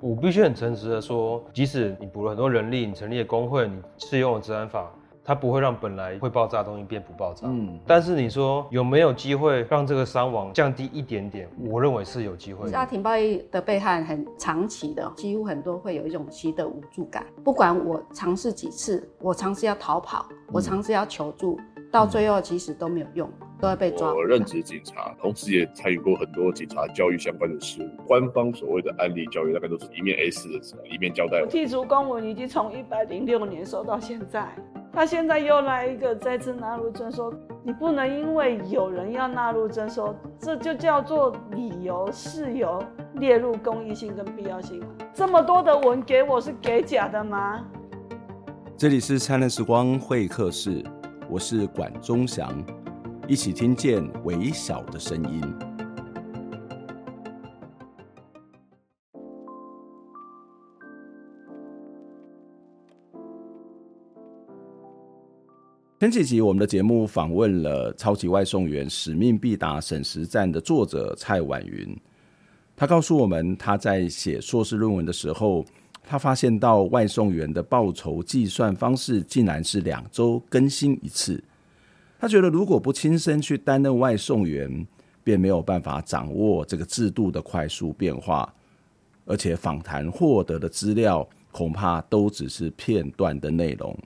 我必須很誠實的說，即使你補了很多人力，你成立了工會，你適用了職安法，它不會讓本來會爆炸的東西變不爆炸。嗯。但是你說有沒有機會讓這個傷亡降低一點點？我認為是有機會。家庭暴力的被害很長期的，幾乎很多會有一種習得無助感。不管我嘗試幾次，我嘗試要逃跑，我嘗試要求助。嗯到最後其實都沒有用，都要被抓。我任職警察，同時也參與過很多警察教育相關的事物。官方所謂的案例教育，大概都是一面 S 的，一面交代我剔除公文，已經從一百零六年收到現在。他現在又來一個再次納入徵收，你不能因為有人要納入徵收，這就叫做理由事由列入公益性跟必要性。這麼多的文給我是給假的嗎？這裡是燦爛時光會客室。我是管中祥，一起聽見微小的聲音。前幾集我們的節目訪問了《超級外送員：使命必達省時戰》的作者蔡宛芸，她告訴我們，她在寫碩士論文的時候。他發現到外送員的報酬計算方式竟然是兩週更新一次，他覺得如果不親身去擔任外送員，便沒有辦法掌握這個制度的快速變化，而且訪談獲得的資料恐怕都只是片段的內容，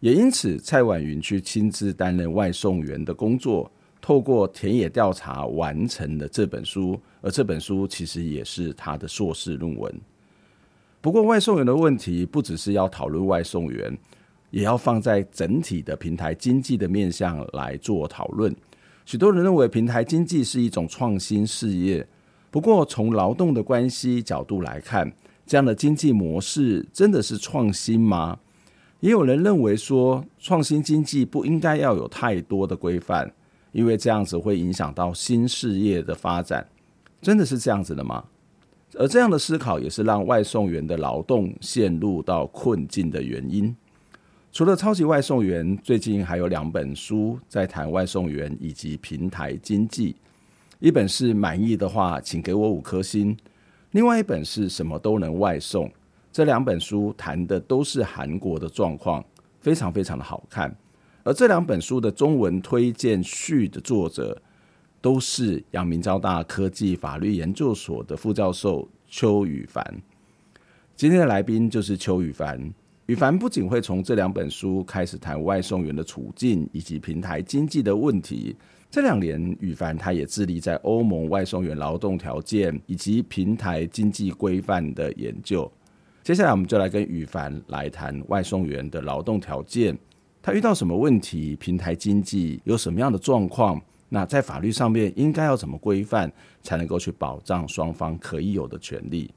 也因此蔡宛芸去親自擔任外送員的工作，透過田野調查完成了這本書，而這本書其實也是他的碩士論文。不過，外送員的問題不只是要討論外送員，也要放在整體的平台經濟的面向來做討論。許多人認為平台經濟是一種創新事業，不過從勞動的關係角度來看，這樣的經濟模式真的是創新嗎？也有人認為說，創新經濟不應該要有太多的規範，因為這樣子會影響到新事業的發展。真的是這樣子的嗎？而這樣的思考也是讓外送員的勞動陷入到困境的原因。除了《超級外送員》，最近還有兩本書在談外送員以及平台經濟。一本是《滿意的話，請給我五顆星》，另外一本是什麼都能外送。這兩本書談的都是韓國的狀況，非常非常的好看。而這兩本書的中文推薦序的作者，都是陽明交大科技法律研究所的副教授邱羽凡。今天的來賓就是邱羽凡。羽凡不僅會從這兩本書開始談外送員的處境以及平台經濟的問題。這兩年，羽凡他也致力在歐盟外送員勞動條件以及平台經濟規範的研究。接下來，我們就來跟羽凡來談外送員的勞動條件，他遇到什麼問題？平台經濟有什麼樣的狀況？那在法律上面應該要怎麼規範，才能夠去保障雙方可以有的權利？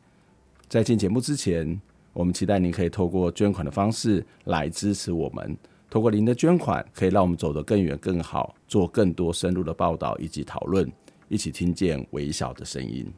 在進節目之前，我們期待您可以透過捐款的方式來支持我們。透過您的捐款，可以讓我們走得更遠、更好，做更多深入的報道以及討論，一起聽見微小的聲音。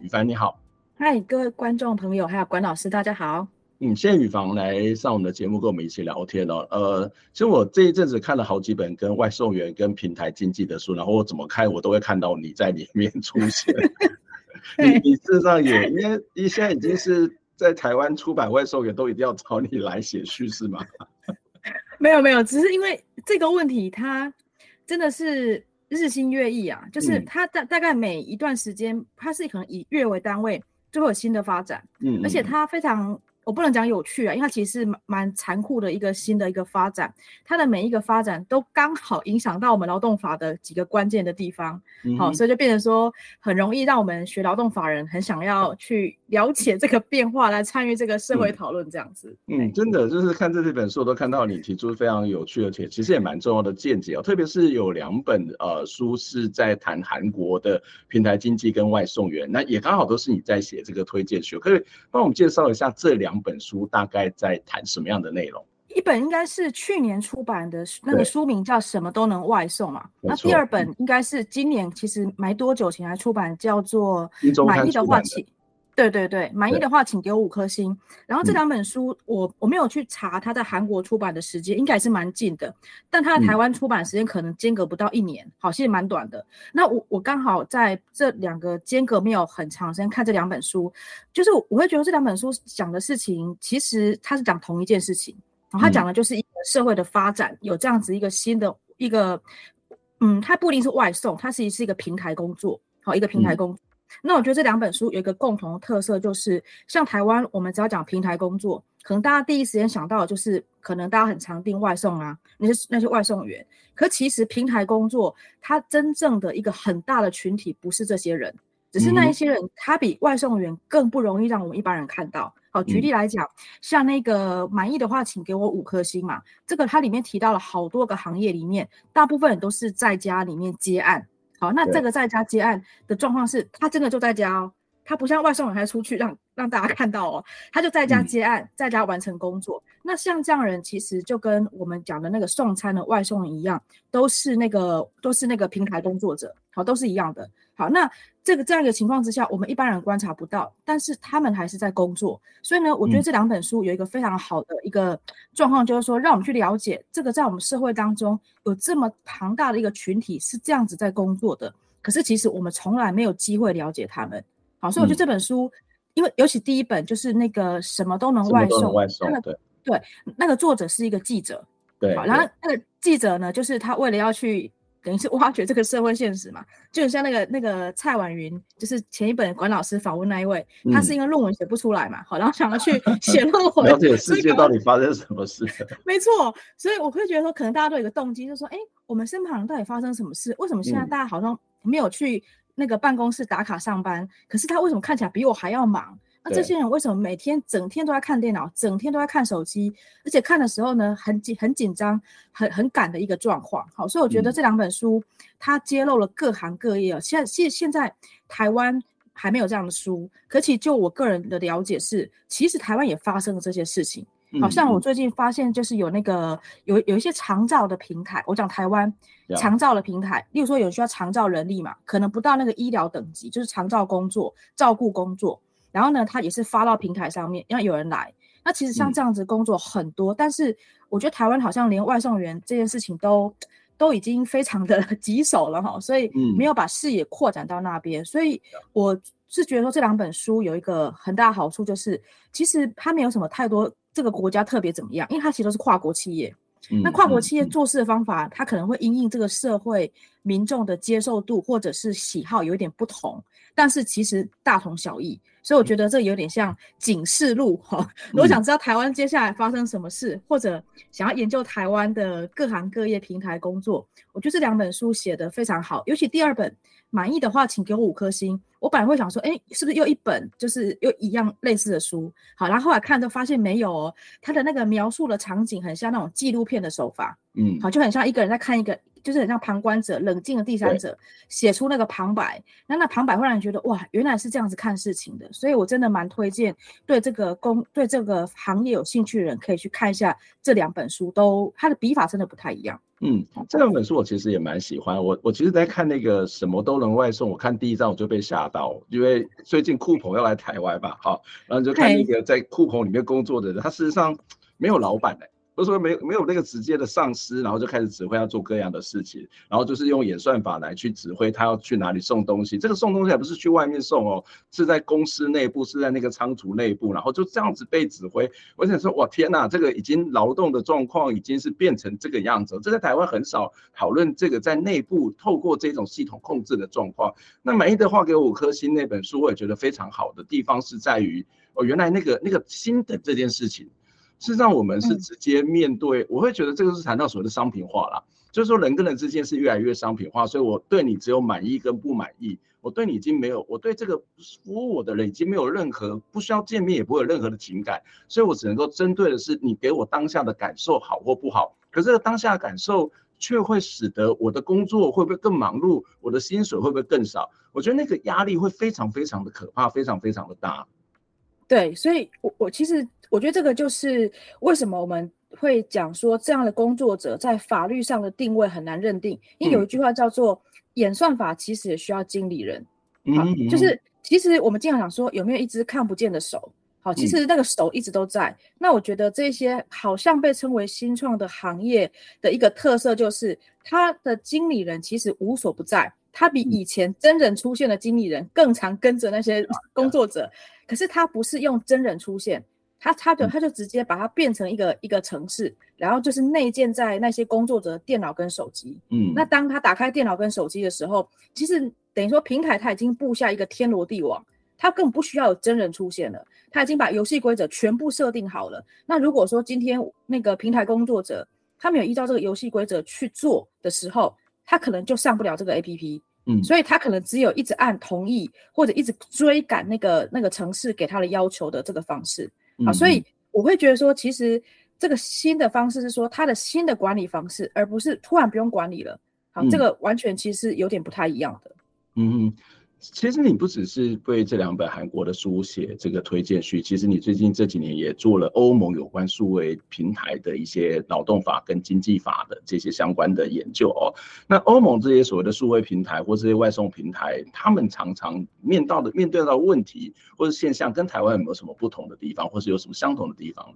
羽凡，你好！嗨，各位觀眾朋友，還有管老師，大家好。嗯，謝羽凡來上我們的節目，跟我們一起聊天哦。呃，其實我這一陣子看了好幾本跟外送員、跟平台經濟的書，然後我怎麼看，我都會看到你在裡面出現。 你你事實上也， 因為你現在已經是在台灣出版外送員，都一定要找你來寫序是嗎？ 沒有沒有，只是因為這個問題它真的是日新月異啊，就是它大、嗯、大概每一段時間，它是可能以月為單位，就會有新的發展。嗯、而且它非常。我不能講有趣啊，因為它其實是蠻殘酷的一個新的一個發展，它的每一個發展都剛好影響到我們勞動法的幾個關鍵的地方，嗯哼，好，所以就變成說很容易讓我們學勞動法人很想要去。了解這個變化，來參與這個社會討論，這樣子嗯。嗯，真的就是看這本書，我都看到你提出非常有趣，而且其實也蠻重要的見解哦。特別是有兩本呃書是在談韓國的平台經濟跟外送員，那也剛好都是你在寫這個推薦序，可以幫我們介紹一下這兩本書大概在談什麼樣的內容？一本應該是去年出版的那個書名叫《什麼都能外送》嘛。那第二本應該是今年，其實沒多久前才出版，叫做《滿意的話題》。對對對，滿意的話請給我五顆星。對然後這兩本書我，我我沒有去查他在韓國出版的時間，嗯、應該是蠻近的。但他在台灣出版時間可能間隔不到一年，嗯、好像也蠻短的。那我我剛好在這兩個間隔沒有很長時間看這兩本書，就是我，我會覺得這兩本書講的事情，其實它是講同一件事情。他講的就是一個社會的發展，嗯、有這樣子一個新的一個，嗯，他不一定是外送，他是是一個平台工作，好，一個平台工作。嗯那我覺得這兩本書有一個共同的特色，就是像台灣，我們只要講平台工作，可能大家第一時間想到的就是可能大家很常訂外送啊，那些那些外送員。可其實平台工作，它真正的一個很大的群體不是這些人，只是那一些人，他比外送員更不容易讓我們一般人看到。好，舉例來講，像那個滿意的話，請給我五顆星嘛，這個它裡面提到了好多個行業裡面，大部分都是在家裡面接案。好，那這個在家接案的狀況是，他真的就在家哦，他不像外送人還出去讓讓大家看到哦，他就在家接案，嗯、在家完成工作。那像這樣人，其實就跟我們講的那個送餐的外送人一樣，都是那個都是那個平台工作者，好，都是一樣的。好，那這個這樣一個情況之下，我們一般人觀察不到，但是他們還是在工作。所以呢，我覺得這兩本書有一個非常好的一個狀況，嗯、就是說讓我們去了解這個在我們社會當中有這麼龐大的一個群體是這樣子在工作的。可是其實我們從來沒有機會了解他們。好，所以我覺得這本書，嗯、因為尤其第一本就是那個什麼都能外送，什麼都能外送，那個、對，對，那個作者是一個記者，對，好，然後那個記者呢，對就是他為了要去。等於是挖掘這個社會現實嘛，就像那個那個蔡宛芸，就是前一本管老師訪問那一位，嗯、他是因為論文寫不出來嘛，好，然後想要去寫論 文，了解以世界到底發生什麼事。沒錯，所以我會覺得說，可能大家都有個動機，就是說，哎、欸，我們身旁到底發生什麼事？為什麼現在大家好像沒有去那個辦公室打卡上班？嗯、可是他為什麼看起來比我還要忙？那、啊、這些人為什麼每天整天都在看電腦，整天都在看手機，而且看的時候呢很緊很緊張、很緊張很趕的一個狀況？好，所以我覺得這兩本書、嗯、哼它揭露了各行各業。現現現在台灣還沒有這樣的書，可其就我個人的了解是，其實台灣也發生了這些事情。好像我最近發現就是有那個有有一些長照的平台，我講台灣長照的平台，嗯、哼例如說有需要長照人力嘛，可能不到那個醫療等級，就是長照工作、照顧工作。然後呢，他也是發到平台上面，讓有人來。那其實像這樣子工作很多，嗯、但是我覺得台灣好像連外送員這件事情都，都已經非常的棘手了哈，所以沒有把視野擴展到那邊。嗯、所以我是覺得說，這兩本書有一個很大的好處，就是其實它沒有什麼太多這個國家特別怎麼樣，因為它其實都是跨國企業。那跨國企業做事的方法，嗯、它可能會因應這個社會。民眾的接受度或者是喜好有一點不同，但是其實大同小異，所以我覺得這有點像《警示錄》哈，嗯。 如果想知道台灣接下來發生什麼事，嗯、或者想要研究台灣的各行各業平台工作，我覺得這兩本書寫得非常好，尤其第二本。滿意的話，請給我五顆星。我本來會想說，哎、欸，是不是又一本就是又一樣類似的書？好，然後後來看都發現沒有哦，它的那個描述的場景很像那種紀錄片的手法，嗯，好，就很像一個人在看一個。就是很像旁觀者、冷靜的第三者寫對 出那個旁白，那那旁白會讓人覺得哇，原來是這樣子看事情的。所以我真的蠻推薦對這個工、對這個行業有興趣的人可以去看一下這兩本書，都它的筆法真的不太一樣。嗯，這兩本書我其實也蠻喜歡。我我其實在看那個什麼都能外送，我看第一章我就被嚇到，因為最近酷澎要來台灣吧，哈，然後就看那個在酷澎裡面工作的人，對 他事實上沒有老闆的。不是說沒有沒有那個直接的上司，然後就開始指揮要做各樣的事情，然後就是用演算法來去指揮他要去哪裡送東西。這個送東西也不是去外面送哦，是在公司內部，是在那個倉儲內部，然後就這樣子被指揮。我想說，哇天哪，這個已經勞動的狀況已經是變成這個樣子。這在台灣很少討論這個在內部透過這種系統控制的狀況。那滿意的話給我五顆星那本書，我也覺得非常好的地方是在於，哦，原來那個那個新的這件事情。事實上，我們是直接面對，我會覺得這個是談到所謂的商品化啦。就是說，人跟人之間是越來越商品化，所以我對你只有滿意跟不滿意，我對你已經沒有，我對這個服務我的人已經沒有任何，不需要見面也不會有任何的情感，所以我只能夠針對的是你給我當下的感受好或不好。可是當下的感受卻會使得我的工作會不會更忙碌，我的薪水會不會更少？我覺得那個壓力會非常非常的可怕，非常非常的大。對，所以，我我其實我覺得這個就是為什麼我們會講說，這樣的工作者在法律上的定位很難認定，因為有一句話叫做演算法，其實也需要經理人。好，就是其實我們經常想說有沒有一只看不見的手，好，其實那個手一直都在。那我覺得這些好像被稱為新創的行業的一個特色就是他的經理人其實無所不在，他比以前真人出現的經理人更常跟着那些工作者。可是他不是用真人出現，他他就他就直接把它變成一個、嗯、一個程式，然後就是內建在那些工作者的電腦跟手機。嗯，那當他打開電腦跟手機的時候，其實等於說平台他已經布下一個天羅地網，他更不需要有真人出現了，他已經把遊戲規則全部設定好了。那如果說今天那個平台工作者他沒有依照這個遊戲規則去做的時候，他可能就上不了這個 APP。嗯、所以他可能只有一直按同意，或者一直追趕那個那個程式給他的要求的這個方式，嗯哼啊、所以我會覺得說，其實這個新的方式是說他的新的管理方式，而不是突然不用管理了，好、啊，嗯、這個完全其實有點不太一樣的，嗯。其實你不只是對這兩本韓國的書寫這個推薦序，其實你最近這幾年也做了歐盟有關數位平台的一些勞動法跟經濟法的這些相關的研究哦。那歐盟這些所謂的數位平台或是這些外送平台，他們常常面到的面對到問題或者現象，跟台灣有沒有什麼不同的地方，或是有什麼相同的地方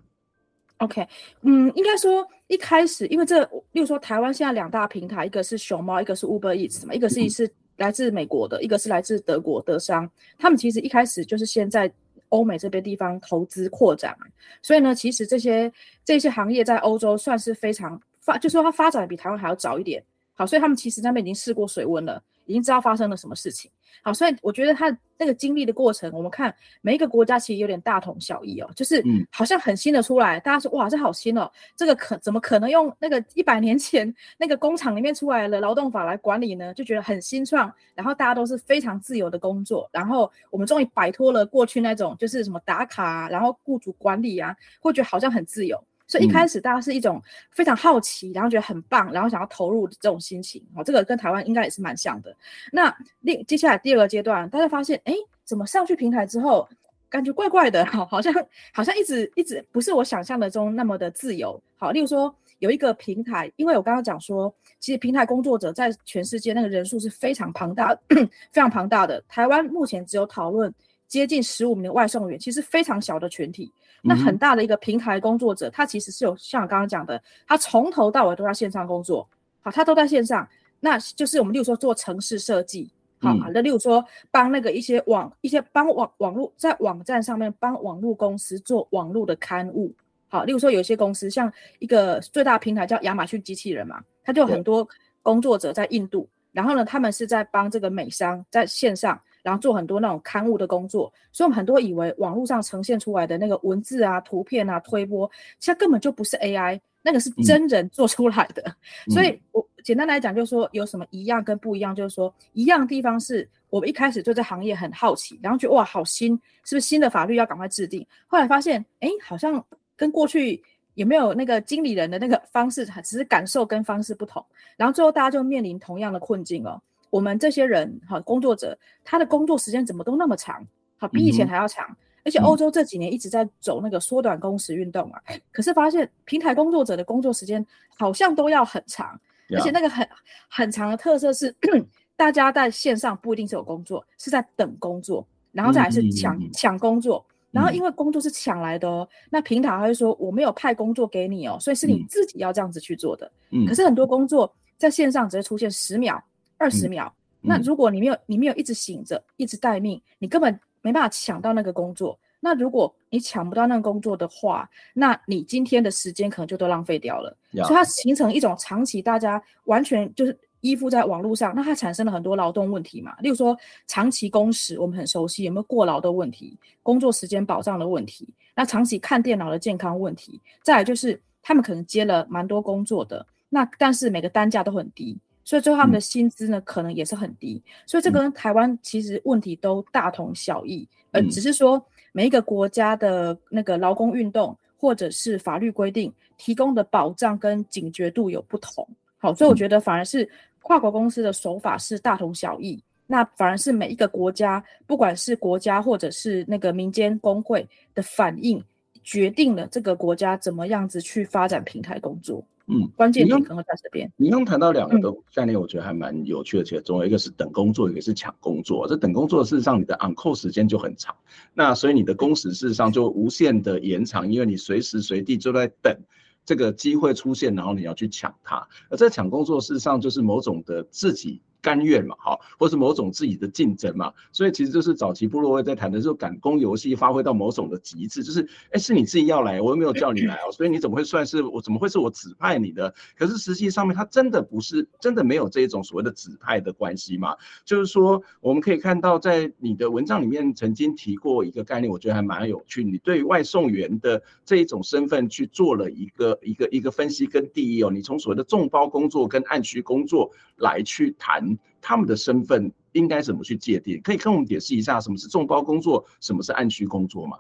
？OK，嗯，應該說一開始，因為這，例如說台灣現在兩大平台，一個是熊貓，一個是 Uber Eats 嘛，一個是一是。嗯來自美國的一個是來自德國德商，他們其實一開始就是先在歐美這邊地方投資擴展，所以呢，其實這些這些行業在歐洲算是非常發，就是說它發展比台灣還要早一點。好，所以他們其實那邊已經試過水溫了。已經知道發生了什麼事情，好，所以我覺得他那個經歷的過程，我們看每一個國家其實有點大同小異哦，就是好像很新的出來，嗯、大家說哇，這好新哦，這個可怎麼可能用那個一百年前那個工廠裡面出來的勞動法來管理呢？就覺得很新創，然後大家都是非常自由的工作，然後我們終於擺脫了過去那種就是什麼打卡啊，然後僱主管理啊，會覺得好像很自由。所以一開始大家是一種非常好奇，嗯、然後覺得很棒，然後想要投入的這種心情。好，這個跟台灣應該也是蠻像的。那另接下來第二個階段，大家發現，哎、欸，怎麼上去平台之後，感覺怪怪的，好，好像好像一直一直不是我想象的中那麼的自由。好，例如說有一個平台，因為我剛剛講說，其實平台工作者在全世界那個人數是非常龐大、 非常龐大的。台灣目前只有討論接近十五名的外送員，其實非常小的群體。那很大的一個平台工作者，他其實是有像我剛剛講的，他從頭到尾都在線上工作，好，他都在線上，那就是我們例如說做城市設計，好，那例如說幫那個一些網一些幫網網絡在網站上面幫網絡公司做網絡的刊物，好，例如說有些公司像一個最大平台叫亞馬遜機器人嘛，他就有很多工作者在印度，然後呢，他們是在幫這個美商在線上。然後做很多那種刊物的工作，所以我們很多以為網絡上呈現出來的那個文字啊、圖片啊、推播，其實根本就不是 AI，那個是真人做出來的。嗯、所以我簡單來講，就是說有什麼一樣跟不一樣，就是說一樣的地方是我們一開始對這行業很好奇，然後覺得哇好新，是不是新的法律要趕快制定？後來發現，哎，好像跟過去有沒有那個經理人的那個方式，只是感受跟方式不同，然後最後大家就面臨同樣的困境哦。我們這些人哈，工作者他的工作時間怎麼都那麼長，好比以前還要長，mm hmm. 而且歐洲這幾年一直在走那個縮短工時運動啊，mm hmm. 可是發現平台工作者的工作時間好像都要很長，Yeah. 而且那個很很長的特色是， 大家在線上不一定是有工作，是在等工作，然後再來是搶、mm hmm. 搶工作，然後因為工作是搶來的哦，mm hmm. 那平台還會說我沒有派工作給你哦，所以是你自己要這樣子去做的，mm hmm. 可是很多工作在線上只會出現十秒。二十秒。嗯嗯、那如果你沒有，你沒有一直醒着，一直待命，你根本沒辦法搶到那個工作。那如果你搶不到那個工作的話，那你今天的時間可能就都浪費掉了。嗯、所以它形成一種長期，大家完全就是依附在網絡上，那它產生了很多勞動問題嘛。例如說，長期工時我們很熟悉，有沒有過勞的問題？工作時間保障的問題？那長期看電腦的健康問題？再來就是他們可能接了蠻多工作的，那但是每個單價都很低。所以最後他們的薪資呢，嗯、可能也是很低。所以這個跟台灣其實問題都大同小異，嗯、而只是說每一個國家的那個勞工運動或者是法律規定提供的保障跟警覺度有不同。好，所以我覺得反而是跨國公司的手法是大同小異，那反而是每一個國家，不管是國家或者是那個民間工會的反應，決定了這個國家怎麼樣子去發展平台工作。嗯，關鍵你可能在這邊，談用到兩個的概念，我覺得還蠻有趣的，嗯、其中一個是等工作，一個是搶工作、啊。這等工作事實上你的 on call 時間就很長，那所以你的工時事實上就無限的延長，因為你隨時隨地就在等這個機會出現，然後你要去搶它。而這搶工作事實上就是某種的自己甘願嘛，好，或是某種自己的競爭嘛，所以其實就是早期布洛威在談的時候，趕工遊戲發揮到某種的極致，就是哎、欸，是你自己要來，我又沒有叫你來哦，所以你怎麼會算是我？怎麼會是我指派你的？可是實際上面，他真的不是，真的沒有這一種所謂的指派的關係嘛。就是說，我們可以看到在你的文章裡面曾經提過一個概念，我覺得還蠻有趣。你對外送員的這一種身份去做了一個一個一個分析跟定義哦，你從所謂的眾包工作跟按需工作來去談。他們的身份應該怎麼去界定？可以跟我們解釋一下什麼是眾包工作，什麼是按需工作嗎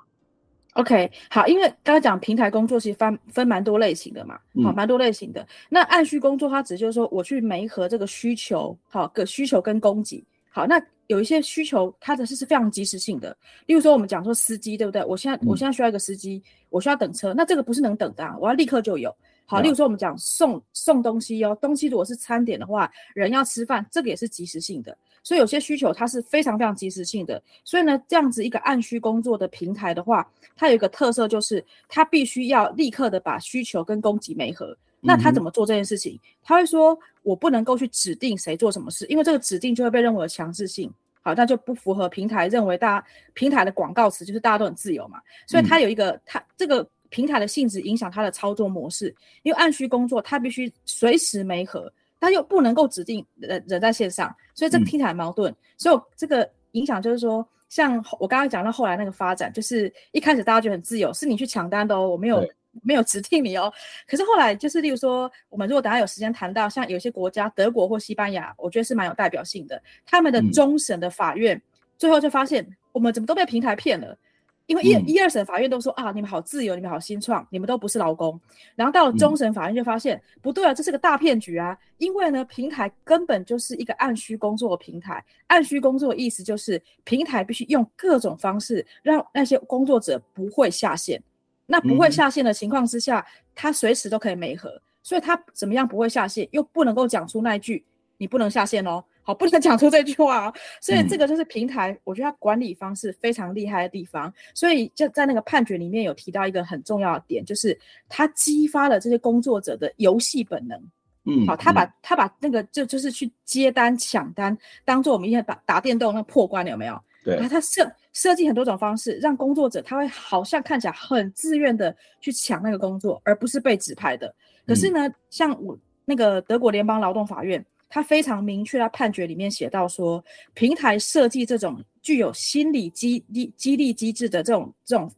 ？OK，好，因為剛剛講平台工作其實分分蠻多類型的嘛，好，蠻多類型的。嗯、那按需工作，它指就是說我去媒合這個需求，好，個需求跟供給，好，那有一些需求，它的是是非常即時性的。例如說，我們講說司機，對不對？我現在我現在需要一個司機，嗯、我需要等車，那這個不是能等的、啊，我要立刻就有。好，例如說我們講送送東西哦，東西如果是餐點的話，人要吃飯，這個也是即時性的。所以有些需求它是非常非常即時性的。所以呢，這樣子一個按需工作的平台的話，它有一個特色，就是它必須要立刻的把需求跟供給媒合。那它怎麼做這件事情？嗯、哼它會說我不能夠去指定誰做什麼事，因為這個指定就會被認為有強制性。好，那就不符合平台認為大家，平台的廣告詞就是大家都很自由嘛。所以它有一個、嗯、它這個。平台的性質影響它的操作模式，因為按需工作，它必須隨時媒合，但又不能夠指定人人在線上，所以這個聽起來很矛盾。嗯、所以這個影響就是說，像我剛剛講到後來那個發展，就是一開始大家覺得很自由，是你去搶單的哦，我沒有嘿 沒有指定你哦。可是後來就是，例如說，我們如果等下有時間談到像有些國家，德國或西班牙，我覺得是蠻有代表性的，他們的終審的法院、嗯、最後就發現，我們怎麼都被平台騙了。因為一一二審法院都說、嗯、啊，你們好自由，你們好新創，你們都不是勞工。然後到了終審法院就發現、嗯、不對啊，這是個大騙局啊！因為呢，平台根本就是一個按需工作的平台，按需工作的意思就是平台必須用各種方式讓那些工作者不會下線。那不會下線的情況之下，嗯、他隨時都可以媒合，所以他怎麼樣不會下線，又不能夠講出那一句“你不能下線”哦。好，不能講出這句話哦。所以這個就是平台，我覺得它管理方式非常厲害的地方。所以就在那個判決裡面有提到一個很重要的點，就是它激發了這些工作者的遊戲本能。嗯，好，他把他把那個就就是去接單搶單，當做我們一天打打電動那個破關，有沒有？對。他設設計很多種方式，讓工作者他會好像看起來很自願的去搶那個工作，而不是被指派的。可是呢，像我那個德國聯邦勞動法院。他非常明確，他判決裡面寫到說，平台設計這種具有心理激勵激勵機制的這種這種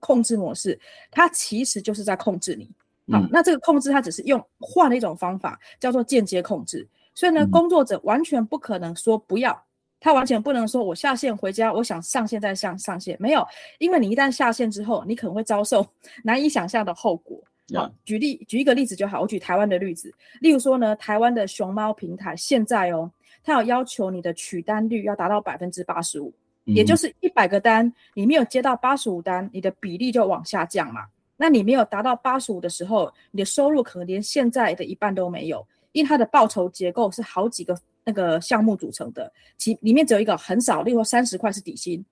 控制模式，它其實就是在控制你。好、嗯啊，那這個控制它只是用換了一種方法，叫做間接控制。所以呢，工作者完全不可能說不要，嗯、他完全不能說我下線回家，我想上線再上上線，沒有，因為你一旦下線之後，你可能會遭受難以想象的後果。好，Yeah. 舉例，舉一個例子就好。我舉台灣的例子，例如說呢，台灣的熊貓平台現在哦，它有要求你的取單率要達到百分之八十五，也就是一百個單，你沒有接到八十五單，你的比例就往下降嘛。那你沒有達到八十五的時候，你的收入可能連現在的一半都沒有，因為它的報酬結構是好幾個那個項目組成的，其裡面只有一個很少，例如說三十塊是底薪。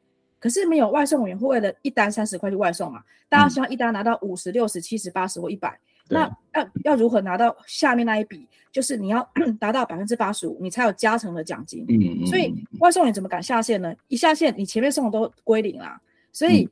可是沒有外送員會為了一單三十塊就外送嘛，啊，大家希望一單拿到五十六十、七十、八十或一百，那要要如何拿到下面那一筆？就是你要達到百分之八十五，你才有加成的獎金。所以外送員怎麼敢下線呢？一下線，你前面送的都歸零啦。所以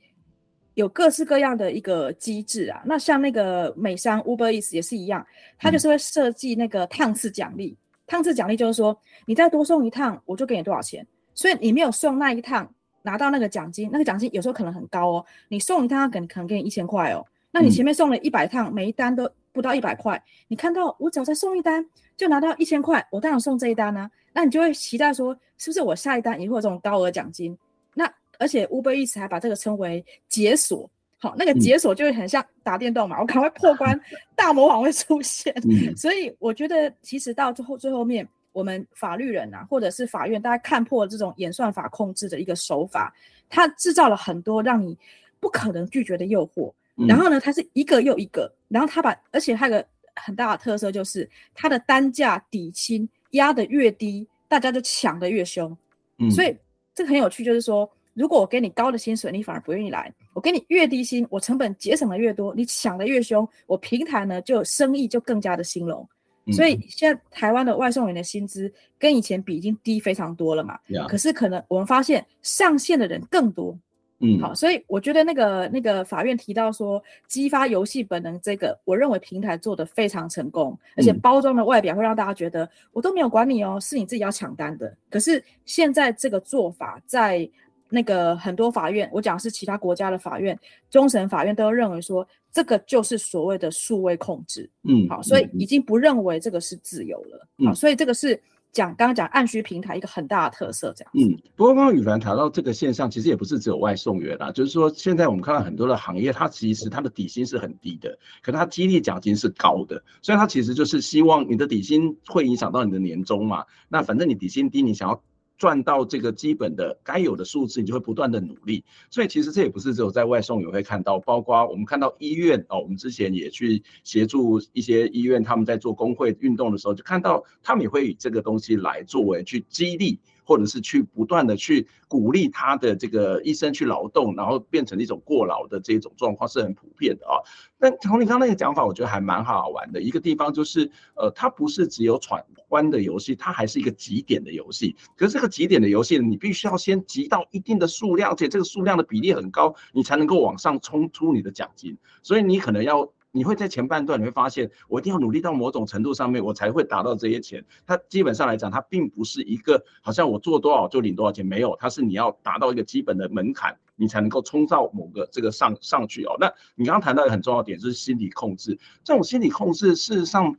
有各式各樣的一個機制啊。那像那個美商 Uber Eats 也是一樣，它就是會設計那個趟次獎勵。趟次獎勵就是說，你再多送一趟，我就給你多少錢。所以你沒有送那一趟，拿到那個獎金，那個獎金有時候可能很高哦。你送一趟給，可能給你一千塊哦。那你前面送了一百趟，嗯、每一單都不到一百塊。你看到我只要再送一單，就拿到一千塊，我當然送這一單呢、啊、那你就會期待說，是不是我下一單也會有這種高額獎金？那而且 Uber 一直還把這個稱為解鎖，好，那個解鎖就會很像打電動嘛，嗯、我趕快破關， 大魔王會出現。嗯、所以我覺得，其實到最後最後面。我們法律人啊，或者是法院，大家看破這種演算法控制的一個手法，它製造了很多讓你不可能拒絕的誘惑。然後呢，它是一個又一個，然後它把，而且它一個很大的特色就是它的單價底薪壓得越低，大家就搶得越兇。嗯。所以這個很有趣，就是說，如果我給你高的薪水，你反而不願意來；我給你越低薪，我成本節省的越多，你搶得越兇，我平台呢就生意就更加的興隆。所以現在台灣的外送員的薪資跟以前比已經低非常多了嘛，可是可能我們發現上線的人更多，嗯，好，所以我覺得那個那個法院提到說激發遊戲本能這個，我認為平台做得非常成功，而且包裝的外表會讓大家覺得我都沒有管你哦，是你自己要搶單的。可是現在這個做法在。那個很多法院，我講是其他國家的法院，終審法院都認為說，這個就是所謂的數位控制。嗯，好，所以已經不認為這個是自由了。嗯，所以這個是講剛剛講按需平台一個很大的特色，這樣子。嗯，不過剛剛羽凡談到這個現象，其實也不是只有外送員啦，就是說現在我們看到很多的行業，它，其實它的底薪是很低的，可它激勵獎金是高的，所以它其實就是希望你的底薪會影響到你的年終嘛。那反正你底薪低，你想要。賺到這個基本的該有的數字，你就會不斷的努力。所以其實這也不是只有在外送也會看到，包括我們看到醫院哦，我們之前也去協助一些醫院，他們在做工會運動的時候，就看到他們也會以這個東西來作為去激勵。或者是去不斷的去鼓勵他的這個醫生去勞動，然後變成一種過勞的這種狀況是很普遍的啊。但同你剛那個講法，我覺得還蠻好，好玩的，一個地方就是，呃，它不是只有闖關的遊戲，它還是一個集點的遊戲。可是這個集點的遊戲，你必須要先集到一定的數量，且這個數量的比例很高，你才能夠往上衝出你的獎金。所以你可能要。你會在前半段你會發現，我一定要努力到某種程度上面，我才會達到這些錢。它基本上來講，它並不是一個好像我做多少就領多少錢，沒有，它是你要達到一個基本的門檻，你才能夠衝到某個這個上上去哦。那你剛剛談到一個很重要點，就是心理控制。這種心理控制，事實上。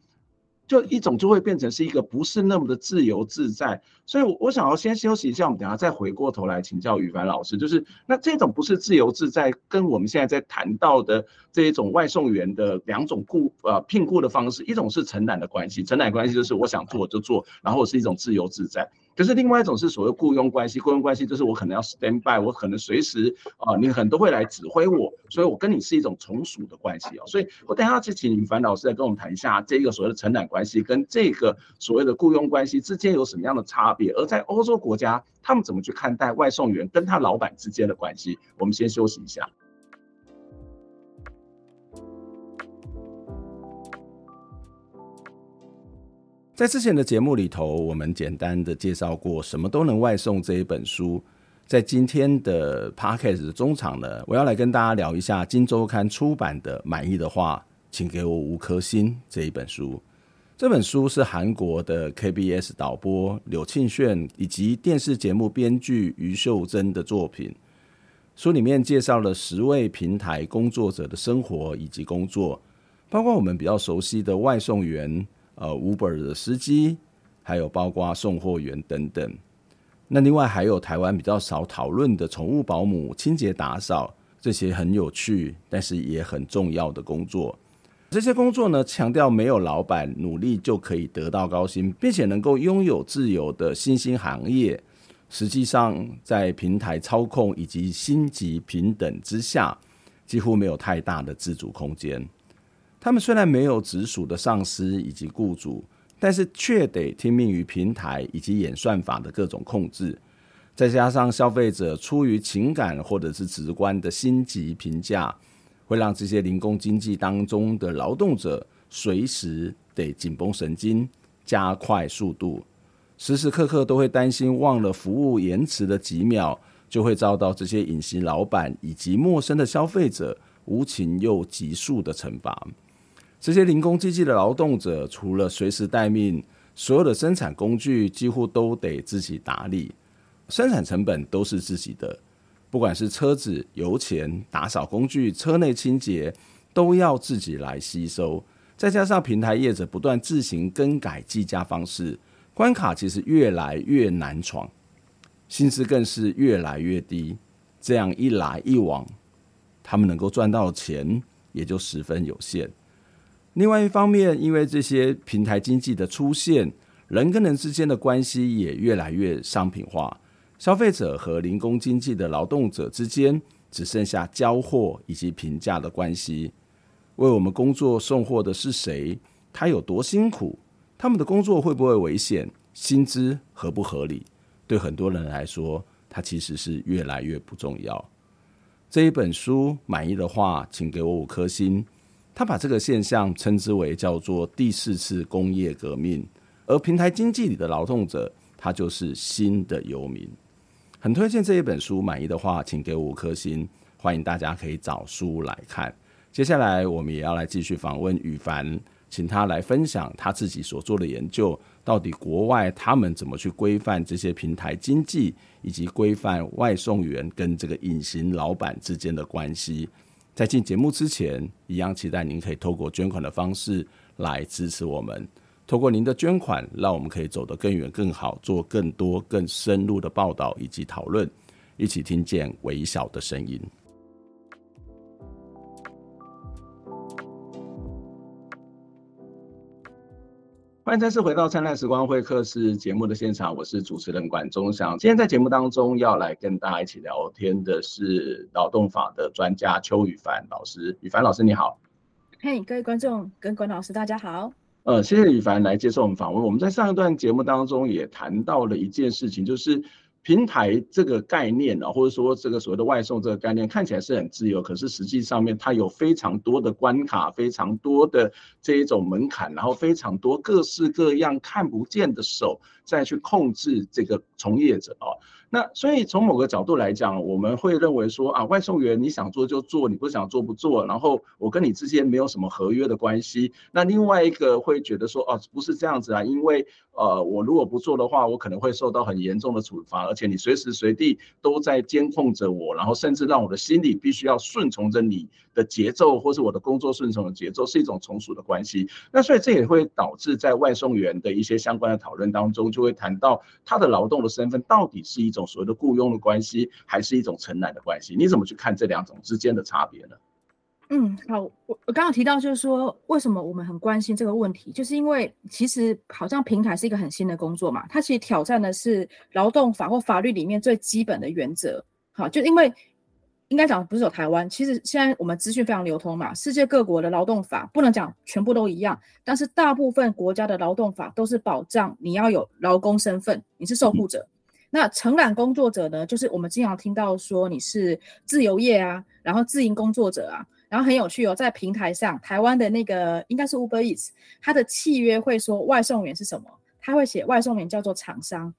就一種就會變成是一個不是那麼的自由自在，所以我我想要先休息一下，我們等下再回過頭來請教羽凡老師。就是那這種不是自由自在，跟我們現在在談到的這一種外送員的兩種雇呃、啊、聘雇的方式，一種是承攬的關係，承攬關係就是我想做我就做，然後我是一種自由自在。可是另外一種是所謂僱傭關係，僱傭關係就是我可能要 stand by，我可能隨時啊、呃，你很多人都會來指揮我，所以我跟你是一種從屬的關係哦，所以我等下去請羽凡老師來跟我們談一下這個所謂的承攬關係跟這個所謂的僱傭關係之間有什麼樣的差別，而在歐洲國家他們怎麼去看待外送員跟他老板之間的關係？我們先休息一下。在之前的節目裡頭，我們簡單的介紹過《什麼都能外送》這一本書。在今天的 podcast 中場呢，我要來跟大家聊一下《今週刊》出版的《滿意的話，請給我五顆星》這一本書。這本書是韓國的 KBS 導播柳慶炫以及電視節目編劇於秀珍的作品。書裡面介紹了十位平台工作者的生活以及工作，包括我們比較熟悉的外送員。呃，Uber 的司機，還有包括送貨員等等。那另外還有台灣比較少討論的寵物保姆、清潔打掃，這些很有趣，但是也很重要的工作。這些工作呢，強調沒有老闆，努力就可以得到高薪，並且能夠擁有自由的新興行業。實際上，在平台操控以及星級評等之下，幾乎沒有太大的自主空間。他們雖然沒有直屬的上司以及雇主，但是卻得聽命於平台以及演算法的各種控制，再加上消費者出於情感或者是直觀的星級評價，會讓這些零工經濟當中的勞動者隨時得緊繃神經，加快速度，時時刻刻都會擔心忘了服務延遲的幾秒，就會遭到這些隱形老闆以及陌生的消費者無情又急速的懲罰。這些零工經濟的勞動者，除了隨時待命，所有的生產工具幾乎都得自己打理，生產成本都是自己的，不管是車子、油錢、打掃工具、車內清潔，都要自己來吸收。再加上平台業者不斷自行更改計價方式，關卡其實越來越難闖，薪資更是越來越低。這樣一來一往，他們能夠賺到的錢也就十分有限。另外一方面，因為這些平台經濟的出現，人跟人之間的關係也越來越商品化。消費者和零工經濟的勞動者之間只剩下交貨以及評價的關係。為我們工作送貨的是誰？他有多辛苦？他們的工作會不會危險？薪資合不合理？對很多人來說，它其實是越來越不重要。這一本書，滿意的話，請給我五顆星。他把這個現象稱之為叫做第四次工業革命，而平台經濟裡的勞動者，他就是新的遊民。很推薦這一本書，滿意的話請給我五顆星。歡迎大家可以找書來看。接下來我們也要來繼續訪問羽凡，請他來分享他自己所做的研究，到底國外他們怎麼去規範這些平台經濟，以及規範外送員跟這個隱形老板之間的關係。在進節目之前，一樣期待您可以透過捐款的方式來支持我們。透過您的捐款，讓我們可以走得更遠、更好，做更多、更深入的報道以及討論，一起聽見微小的聲音。歡迎再次回到《燦爛時光會客室》節目的現場，我是主持人管中祥。今天在節目當中要來跟大家一起聊天的是勞動法的專家邱羽凡老師。羽凡老師，你好。嘿，hey, 各位觀眾跟管老師，大家好。呃，謝謝羽凡來接受我們訪問。我們在上一段節目當中也談到了一件事情，就是。平台這個概念呢，啊，或者說這個所謂的外送這個概念，看起來是很自由，可是實際上面它有非常多的關卡，非常多的這一種門檻，然後非常多各式各樣看不見的手在去控制這個從業者啊。那所以從某個角度來講，我們會認為說啊，外送員你想做就做，你不想做不做，然後我跟你之間沒有什麼合約的關係。那另外一個會覺得說哦、啊，不是這樣子啊，因為呃，我如果不做的話，我可能會受到很嚴重的處罰，而且你隨時隨地都在監控着我，然後甚至讓我的心理必須要順從着你的節奏，或是我的工作順從的節奏，是一種從屬的關係。那所以這也會導致在外送員的一些相關的討論當中，就會談到他的勞動的身份到底是一種。所謂的僱傭的關係，還是一種承攬的關係？你怎麼去看這兩種之間的差別呢？嗯，好，我我剛剛提到就是說，為什麼我們很關心這個問題，就是因為其實好像平台是一個很新的工作嘛，它其實挑戰的是勞動法或法律裡面最基本的原則。好，就因為應該講不是有台灣，其實現在我們資訊非常流通嘛，世界各國的勞動法不能講全部都一樣，但是大部分國家的勞動法都是保障你要有勞工身份，你是受僱者。嗯那承攬工作者呢？就是我們經常聽到說你是自由業啊，然後自營工作者啊，然後很有趣哦，在平台上，台灣的那個應該是 Uber Eats，它的契約會說外送員是什麼？他會寫外送員叫做廠商，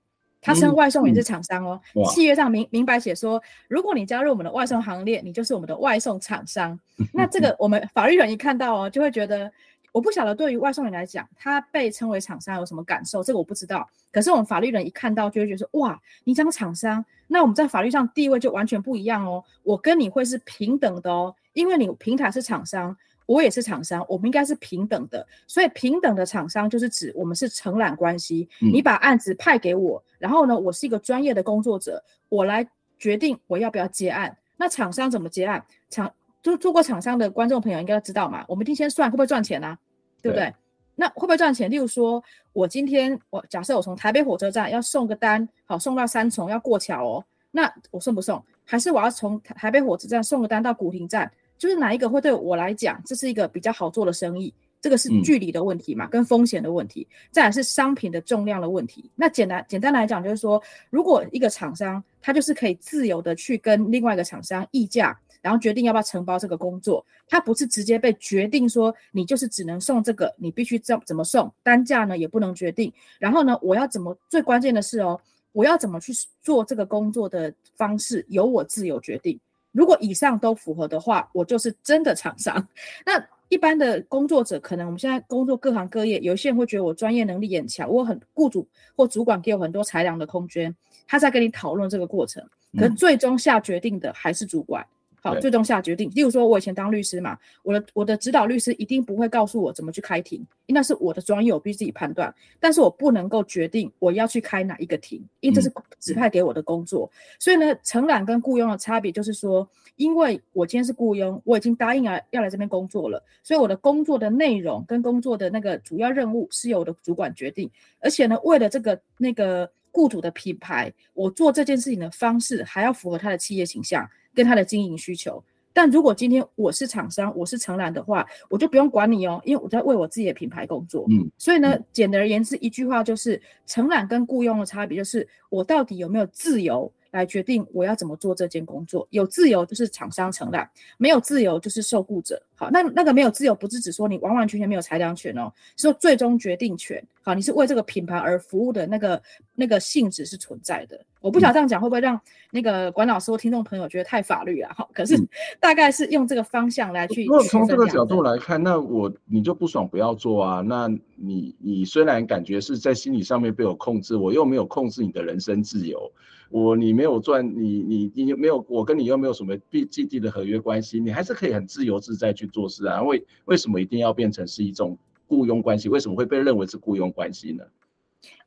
他稱外送員是廠商哦，嗯嗯、契約上明明白寫說，如果你加入我們的外送行列，你就是我們的外送廠商。那這個我們法律人一看到哦，就會覺得。我不曉得對於外送人來講，他被稱為廠商有什麼感受？這個我不知道。可是我們法律人一看到就會覺得說，哇，你講廠商，那我們在法律上地位就完全不一樣哦。我跟你會是平等的哦，因為你平台是廠商，我也是廠商，我們應該是平等的。所以平等的廠商就是指我們是承攬關係，嗯、你把案子派給我，然後呢，我是一個專業的工作者，我來決定我要不要接案。那廠商怎麼接案？廠就做過廠商的觀眾朋友應該知道嘛？我們一定先算會不會賺錢啊。對不對？那會不會賺錢？例如說，我今天我假設我從台北火車站要送個單，好，送到三重，要過橋哦，那我送不送？還是我要從台北火車站送個單到古亭站？就是哪一個會對我來講，這是一個比較好做的生意？這個是距離的問題嘛，嗯、跟風險的問題，再來是商品的重量的問題。那簡單簡單來講，就是說，如果一個廠商，他就是可以自由的去跟另外一個廠商議價。然後決定要不要承包這個工作，他不是直接被決定說，你就是只能送這個，你必須怎怎麼送，單價呢也不能決定。然後呢，我要怎麼？最關鍵的是哦，我要怎麼去做這個工作的方式由我自由決定。如果以上都符合的話，我就是真的廠商。 那一般的工作者可能我們現在工作各行各業，有些人會覺得，我專業能力很強，我很雇主或主管給我很多裁量的空間，他在跟你討論這個過程，可最終下決定的還是主管。嗯好，對最終下決定。例如說，我以前當律師嘛，我的我的指導律師一定不會告訴我怎麼去開庭，因為那是我的專業，我必須自己判斷。但是我不能夠決定我要去開哪一個庭，因為這是指派給我的工作。嗯、所以呢，承攬跟雇傭的差別就是說，因為我今天是雇傭，我已經答應了要，要來這邊工作了，所以我的工作的內容跟工作的那個主要任務是由我的主管決定。而且呢，為了這個那個僱主的品牌，我做這件事情的方式還要符合他的企業形象。跟他的經營需求，但如果今天我是廠商，我是承攬的話，我就不用管你哦，因為我在為我自己的品牌工作。嗯，所以呢，簡而言之，一句話就是承攬跟雇傭的差別就是我到底有沒有自由。來決定我要怎麼做這件工作。有自由就是廠商承的，沒有自由就是受僱者。好，那那個沒有自由，不是指說你完完全全沒有裁量權哦，是說最終決定權。好，你是為這個品牌而服務的，那個那個性質是存在的。我不曉得這樣講會不會讓那個管老師或聽眾朋友覺得太法律啊？好、嗯，可是大概是用這個方向來去。果從這個角度來看，那我你就不爽不要做啊？那你你雖然感覺是在心理上面被我控制，我又沒有控制你的人生自由。我你沒有賺，你你你沒有，我跟你又沒有什麼地基地的合約關係，你還是可以很自由自在去做事啊。為為什麼一定要變成是一種僱傭關係？為什麼會被認為是僱傭關係呢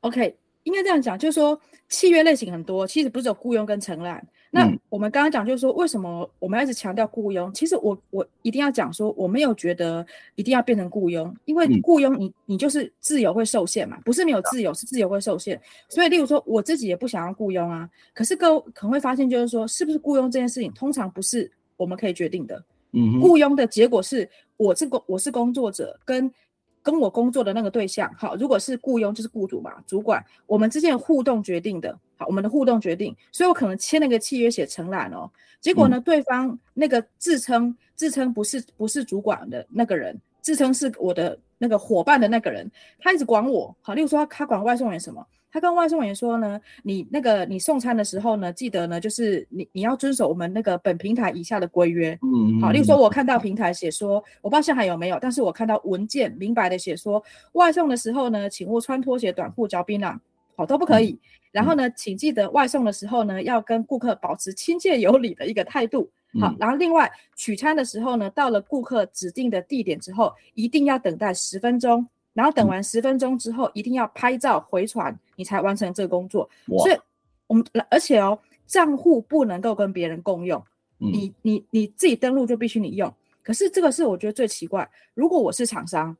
？OK，應該這樣講，就是說，契約類型很多，其實不是只有僱傭跟承攬。那我們剛剛講，就是說，為什麼我們要一直強調僱傭？嗯、其實我我一定要講說，我沒有覺得一定要變成僱傭，因為僱傭你你就是自由會受限嘛，嗯、不是沒有自由，嗯、是自由會受限。所以，例如說，我自己也不想要僱傭啊。可是各位可能會發現，就是說，是不是僱傭這件事情，通常不是我們可以決定的。嗯哼。僱傭的結果是，我這個我是工作者，跟跟我工作的那個對象，好，如果是僱傭就是雇主嘛，主管，我們之間的互動決定的。好，我們的互動決定，所以我可能簽那個契約寫承攬哦。結果呢，對方那個自稱、嗯、自稱不是不是主管的那個人，自稱是我的那個夥伴的那個人，他一直管我。好，例如說他管外送員什麼，他跟外送員說呢，你那個你送餐的時候呢，記得呢就是你你要遵守我們那個本平台以下的規約。嗯，好，例如說我看到平台寫說，我不知道現在還有沒有，但是我看到文件明白的寫說，外送的時候呢，請勿穿拖鞋、短褲、腳冰冷。好、哦、都不可以。嗯、然後呢，請記得外送的時候呢，嗯、要跟顧客保持親切有禮的一個態度。好，嗯、然後另外取餐的時候呢，到了顧客指定的地點之後，一定要等待十分鐘。然後等完十分鐘之後，嗯、一定要拍照回傳，你才完成這個工作。哇！所以我們而且哦，賬戶不能夠跟別人共用，嗯、你你你自己登錄就必須你用。可是這個是我覺得最奇怪，如果我是廠商，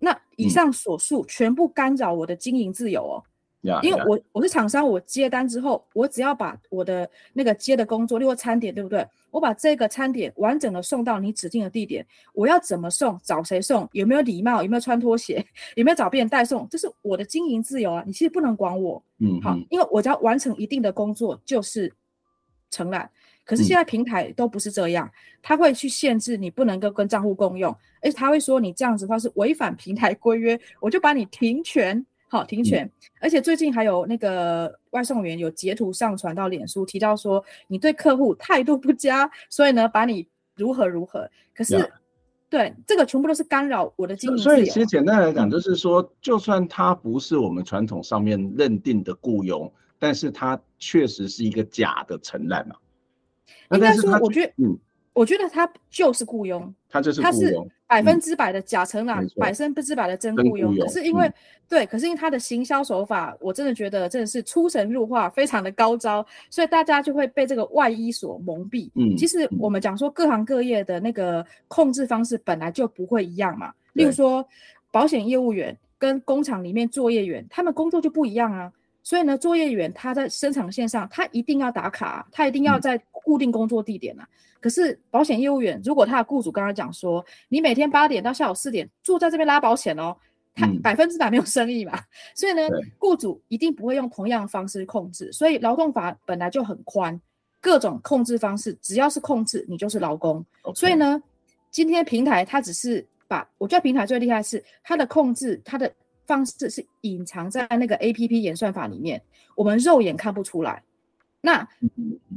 那以上所述、嗯、全部干擾我的經營自由哦。Yeah, yeah. 因為我我是廠商，我接單之後，我只要把我的那個接的工作，例如餐點，對不對？我把這個餐點完整的送到你指定的地點，我要怎麼送，找誰送，有沒有禮貌，有沒有穿拖鞋，有沒有找別人代送，這是我的經營自由啊！你其實不能管我，嗯、mm，好、hmm. 啊，因為我只要完成一定的工作就是承攬。可是現在平台都不是這樣，他、mm hmm. 會去限制你不能夠跟賬戶共用，而且他會說你這樣子的話是違反平台規約，我就把你停權。好停權，而且最近還有那個外送員有截圖上傳到臉書，提到說你對客戶態度不佳，所以呢，把你如何如何。可是，Yeah. 對這個全部都是干擾我的經營。所以其實簡單來講，就是說，嗯、就算他不是我們傳統上面認定的僱傭，但是他確實是一個假的承攬嘛、啊。那但是應該說我覺得，嗯、我覺得他就是僱傭，他就是僱傭。百分之百的假承攬，百分之百的真雇傭、嗯，可是因為、嗯、對，可是因為他的行銷手法，我真的覺得真的是出神入化，非常的高招，所以大家就會被這個外衣所蒙蔽。嗯，嗯其實我們講說各行各業的那個控制方式本來就不會一樣嘛，例如說保險業務員跟工廠裡面作業員，他們工作就不一樣啊。所以呢，作業員他在生產線上，他一定要打卡，他一定要在固定工作地點吶、啊。嗯、可是保險業務員，如果他的雇主剛剛講說，你每天八點到下午四點，坐在這邊拉保險哦，他百分之百沒有生意嘛。嗯、所以呢，雇對主一定不會用同樣方式控制。所以勞動法本來就很寬，各種控制方式，只要是控制你就是勞工。Okay. 所以呢，今天平台它只是，把，我覺得平台最厲害的是它的控制，它的。方式是隱藏在那個 APP 演算法裡面，我們肉眼看不出來。那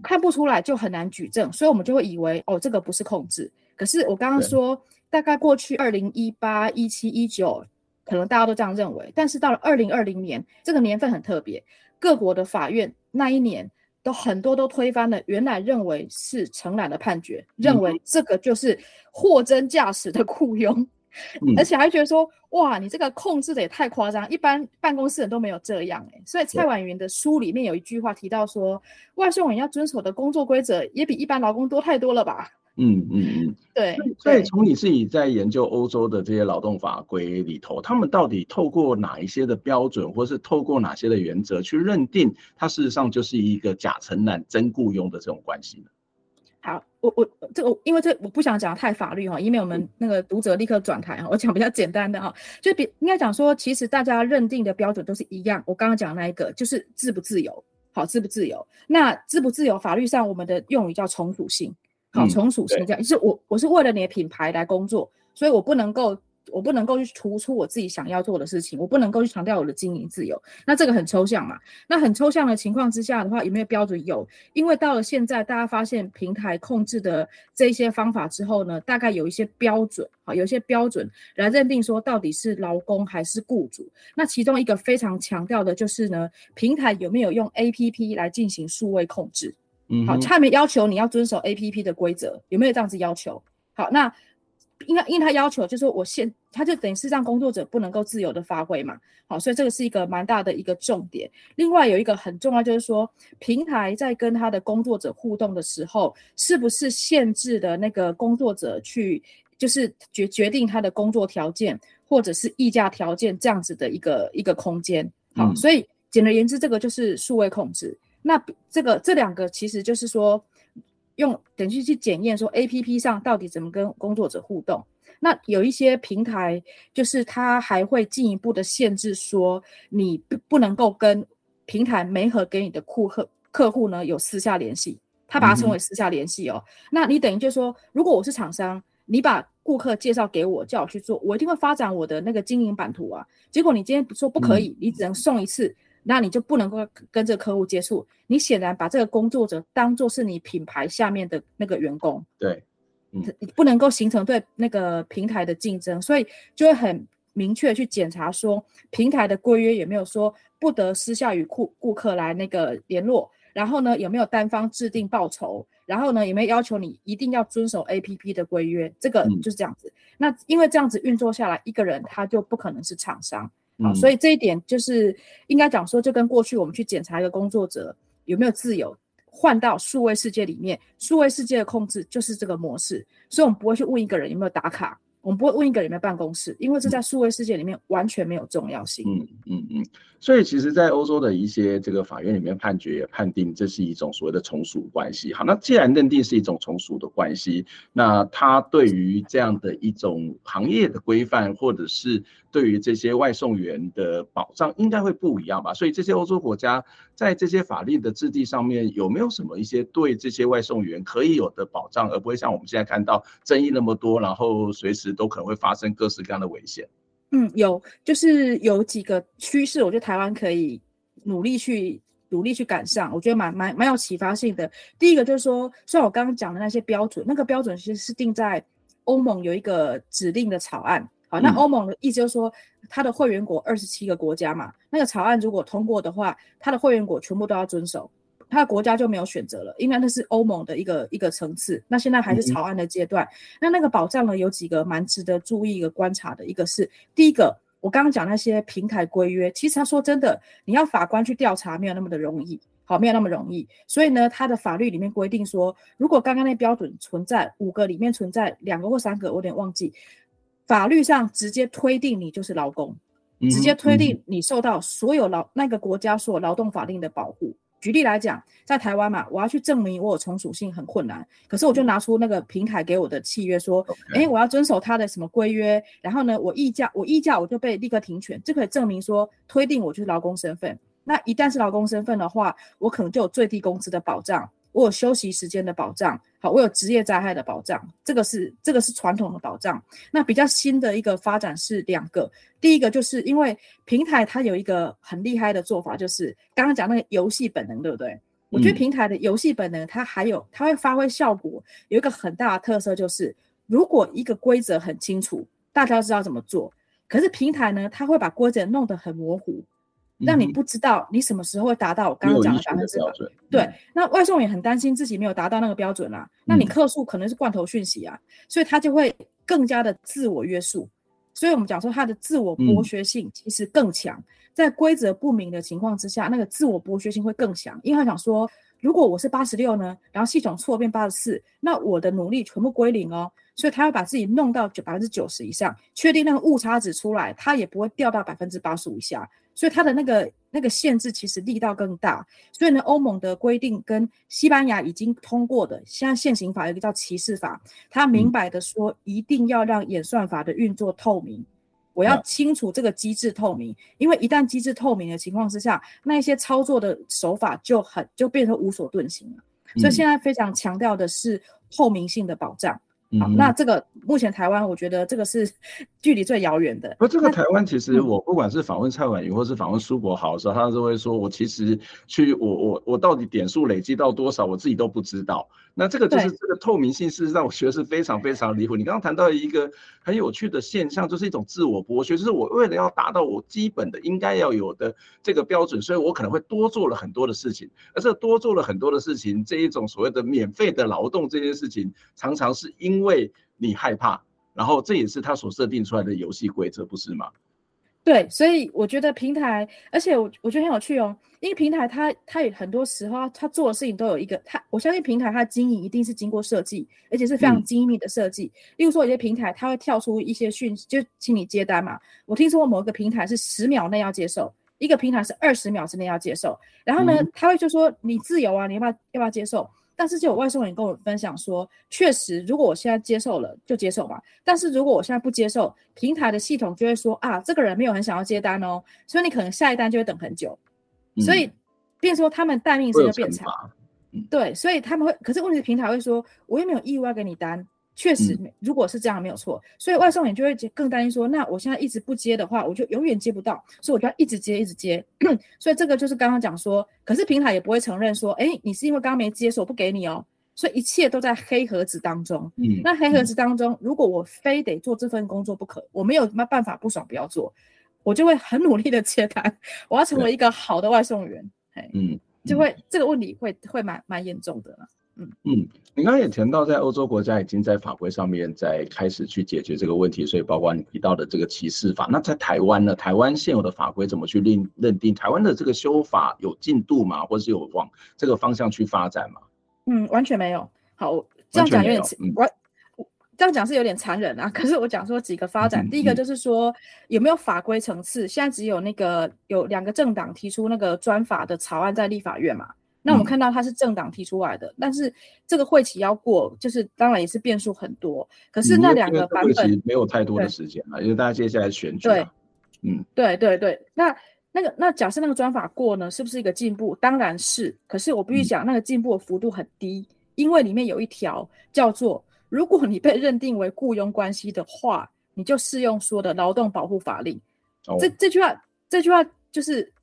看不出來就很難舉證，所以我們就會以為哦，這個不是控制。可是我剛剛說，對大概過去二零一八、一七、一九，可能大家都這樣認為。但是到了二零二零年，這個年份很特別，各國的法院那一年都很多都推翻了原來認為是承攬的判決，嗯、認為這個就是貨真價實的雇傭。而且還覺得說，哇，你這個控制的也太誇張，一般辦公室人都沒有這樣誒、欸。所以蔡宛芸的書裡面有一句話提到說，對外送員要遵守的工作規則也比一般勞工多太多了吧？嗯嗯嗯，對。對所以從你自己在研究歐洲的這些勞動法規裡頭，他們到底透過哪一些的標準，或是透過哪些的原則去認定，它事實上就是一個假承攬、真雇傭的這種關係呢？好，我我這個，因為這我不想講太法律哈，因為我們那個讀者立刻轉台哈。嗯、我講比較簡單的哈，就比應該講說，其實大家認定的標準都是一樣。我剛剛講那一個就是自不自由，好，自不自由。那自不自由，法律上我們的用語叫從屬性，好、嗯，從屬性這樣。就是我我是為了你的品牌來工作，所以我不能夠。我不能夠去突出我自己想要做的事情，我不能夠去強調我的經營自由。那這個很抽象嘛，那很抽象的情況之下的話，有沒有標準？有，因為到了現在，大家發現平台控制的這些方法之後呢，大概有一些標準。好，有一些標準來認定說到底是勞工還是雇主。那其中一個非常強調的就是呢，平台有沒有用 APP 來進行數位控制？好，嗯哼。他們要求你要遵守 APP 的規則，有沒有這樣子要求？好，那。因為因為他要求，就是說我限，他就等於是讓工作者不能夠自由的發揮嘛，好，所以這個是一個蠻大的一個重點。另外有一個很重要就是說，平台在跟他的工作者互動的時候，是不是限制了那個工作者去，就是決決定他的工作條件或者是議價條件這樣子的一個一個空間？好，嗯、所以簡而言之，這個就是數位控制。那這個這兩個其實就是說。用等於去檢驗說，A P P 上到底怎麼跟工作者互動？那有一些平台就是它還會進一步的限制說，你不,不能夠跟平台媒合給你的顧客客戶呢有私下聯繫，它把它稱為私下聯繫哦。嗯、哼那你等於就是說，如果我是廠商，你把顧客介紹給我，叫我去做，我一定會發展我的那個經營版圖啊。結果你今天說不可以，你只能送一次。嗯那你就不能夠跟這個客戶接觸，你顯然把這個工作者當做是你品牌下面的那個員工，對，嗯，不能夠形成對那個平台的競爭，所以就會很明確去檢查說，平台的規約有沒有說不得私下與顧顧客來那個聯絡，然後呢，有沒有單方制定報酬，然後呢，有沒有要求你一定要遵守 APP 的規約，這個就是這樣子。嗯。那因為這樣子運作下來，一個人他就不可能是廠商。啊，哦，所以這一點就是應該講說，就跟過去我們去檢查一個工作者有沒有自由，換到數位世界裡面，數位世界的控制就是這個模式。所以我們不會去問一個人有沒有打卡，我們不會問一個人有沒有辦公室，因為這在數位世界裡面完全沒有重要性。嗯。嗯嗯嗯。所以其實，在歐洲的一些這個法院裡面判決也判定，這是一種所謂的從屬關係。好，那既然認定是一種從屬的關係，那他對於這樣的一種行業的規範或者是。對於這些外送員的保障應該會不一樣吧？所以這些歐洲國家在這些法律的制定上面有沒有什麼一些對這些外送員可以有的保障，而不會像我們現在看到爭議那麼多，然後隨時都可能會發生各式各樣的危險？嗯，有，就是有幾個趨勢，我覺得台灣可以努力去努力去趕上，我覺得蠻蠻蠻有啟發性的。第一個就是說，雖然我剛剛講的那些標準，那個標準其實是定在歐盟有一個指令的草案。那歐盟的意思就是說，它的會員國二十七個國家嘛，那個草案如果通過的話，它的會員國全部都要遵守，它的國家就沒有選擇了，因為那是歐盟的一個一個層次。那現在還是草案的階段，那那個保障呢，有幾個蠻值得注意和觀察的，一個是第一個，我剛剛講那些平台規約，其實他說真的，你要法官去調查沒有那麼的容易，好，沒有那麼容易，所以呢，他的法律裡面規定說，如果剛剛那標準存在五個裡面存在兩個或三個，我有點忘記。法律上直接推定你就是勞工，嗯、直接推定你受到所有勞、嗯、那個國家所有勞動法令的保護。舉例來講，在台灣嘛，我要去證明我有從屬性很困難，可是我就拿出那個平台給我的契約，說，哎、嗯欸，我要遵守他的什麼規約，Okay. 然後呢，我議價，我議價我就被立刻停權，這可以證明說推定我就是勞工身份。那一旦是勞工身份的話，我可能就有最低工資的保障。我有休息時間的保障，好，我有職業災害的保障，這個是這個是傳統的保障。那比較新的一個發展是兩個，第一個就是因為平台它有一個很厲害的做法，就是剛剛講那個遊戲本能，對不對？嗯。我覺得平台的遊戲本能，它還有它會發揮效果，有一個很大的特色就是，如果一個規則很清楚，大家都知道怎麼做，可是平台呢，它會把規則弄得很模糊。那你不知道你什麼時候會達到我剛剛講的百分之百標準？對，嗯、那外送也很擔心自己沒有達到那個標準啊。嗯、那你客訴可能是罐頭訊息啊，所以他就會更加的自我約束。所以我們講說他的自我剝削性其實更強，嗯、在規則不明的情況之下，那個自我剝削性會更強，因為他想說，如果我是八十六呢，然後系統錯變八十四，那我的努力全部歸零哦。所以他要把自己弄到九百分之九十以上，確定那個誤差值出來，他也不會掉到百分之八十五以下。所以它的那個那個限制其實力道更大。所以呢，歐盟的規定跟西班牙已經通過的，現在現行法有一個叫騎士法，它明白的說一定要讓演算法的運作透明，嗯、我要清楚這個機制透明，啊、因為一旦機制透明的情況之下，那一些操作的手法就很就變得無所遁形了。嗯、所以現在非常強調的是透明性的保障。好，那這個、嗯、目前台灣，我覺得這個是距離最遙遠的。不，這個台灣其實我不管是訪問蔡宛芸，或是訪問蘇柏豪的時候，嗯、他都會說，我其實去我我我到底點數累積到多少，我自己都不知道。那這個就是這個透明性，事實上我覺得是非常非常離譜。你剛剛談到一個很有趣的現象，就是一種自我剝削，就是我為了要達到我基本的應該要有的這個標準，所以我可能會多做了很多的事情。而這多做了很多的事情，這一種所謂的免費的勞動這件事情，常常是因為你害怕，然後這也是他所設定出來的遊戲規則，不是嗎？對，所以我覺得平台，而且我我覺得很有趣哦，因為平台它它有很多時候它做的事情都有一個，它我相信平台它經營一定是經過設計，而且是非常精密的設計。嗯、例如說，有些平台它會跳出一些訊息，就請你接單嘛。我聽說過某一個平台是十秒內要接受，一個平台是二十秒之內要接受，然後呢，嗯、它會就說你自由啊，你要不要要不要接受？但是就有外送員跟我分享說，確實，如果我現在接受了，就接受吧。但是如果我現在不接受，平台的系統就會說啊，這個人沒有很想要接單哦，所以你可能下一單就會等很久。嗯、所以變說他們待命時間變長。嗯、對，所以他們會，可是問題是平台會說，我又沒有義務要給你單。確實，如果是這樣沒有錯，嗯、所以外送員就會更擔心說，那我現在一直不接的話，我就永遠接不到，所以我就要一直接一直接。 所以這個就是剛剛講說，可是平台也不會承認說，哎，你是因為剛剛沒接，所以我不給你哦。所以一切都在黑盒子當中。嗯、那黑盒子當中，嗯、如果我非得做這份工作不可，我沒有什麼辦法不爽不要做，我就會很努力的接單，我要成為一個好的外送員。嗯，嘿嗯就會、嗯、這個問題會會蠻蠻嚴重的。嗯，你剛也提到，在歐洲國家已經在法規上面在開始去解決這個問題，所以包括你提到的這個歧視法。那在台灣呢？台灣現有的法規怎麼去認認定？台灣的這個修法有進度嗎？或是有往這個方向去發展嗎？嗯，完全沒有。好，我這樣講有點有、嗯、我，我這樣講是有點殘忍啊。可是我講說幾個發展，嗯、第一個就是說、嗯、有沒有法規層次？現在只有那個有兩個政黨提出那個專法的草案在立法院嘛。那我們看到它是政黨提出來的，嗯、但是這個會期要過，就是當然也是變數很多。可是那兩個版本沒有太多的時間了，啊。對因為大家接下來選舉啊。對，嗯，對對對。那那個那假設那個專法過呢，是不是一個進步？當然是。可是我必須講，那個進步的幅度很低，嗯，因為裡面有一條叫做：如果你被認定為雇傭關係的話，你就適用說的勞動保護法令。哦，這這句話這句話就是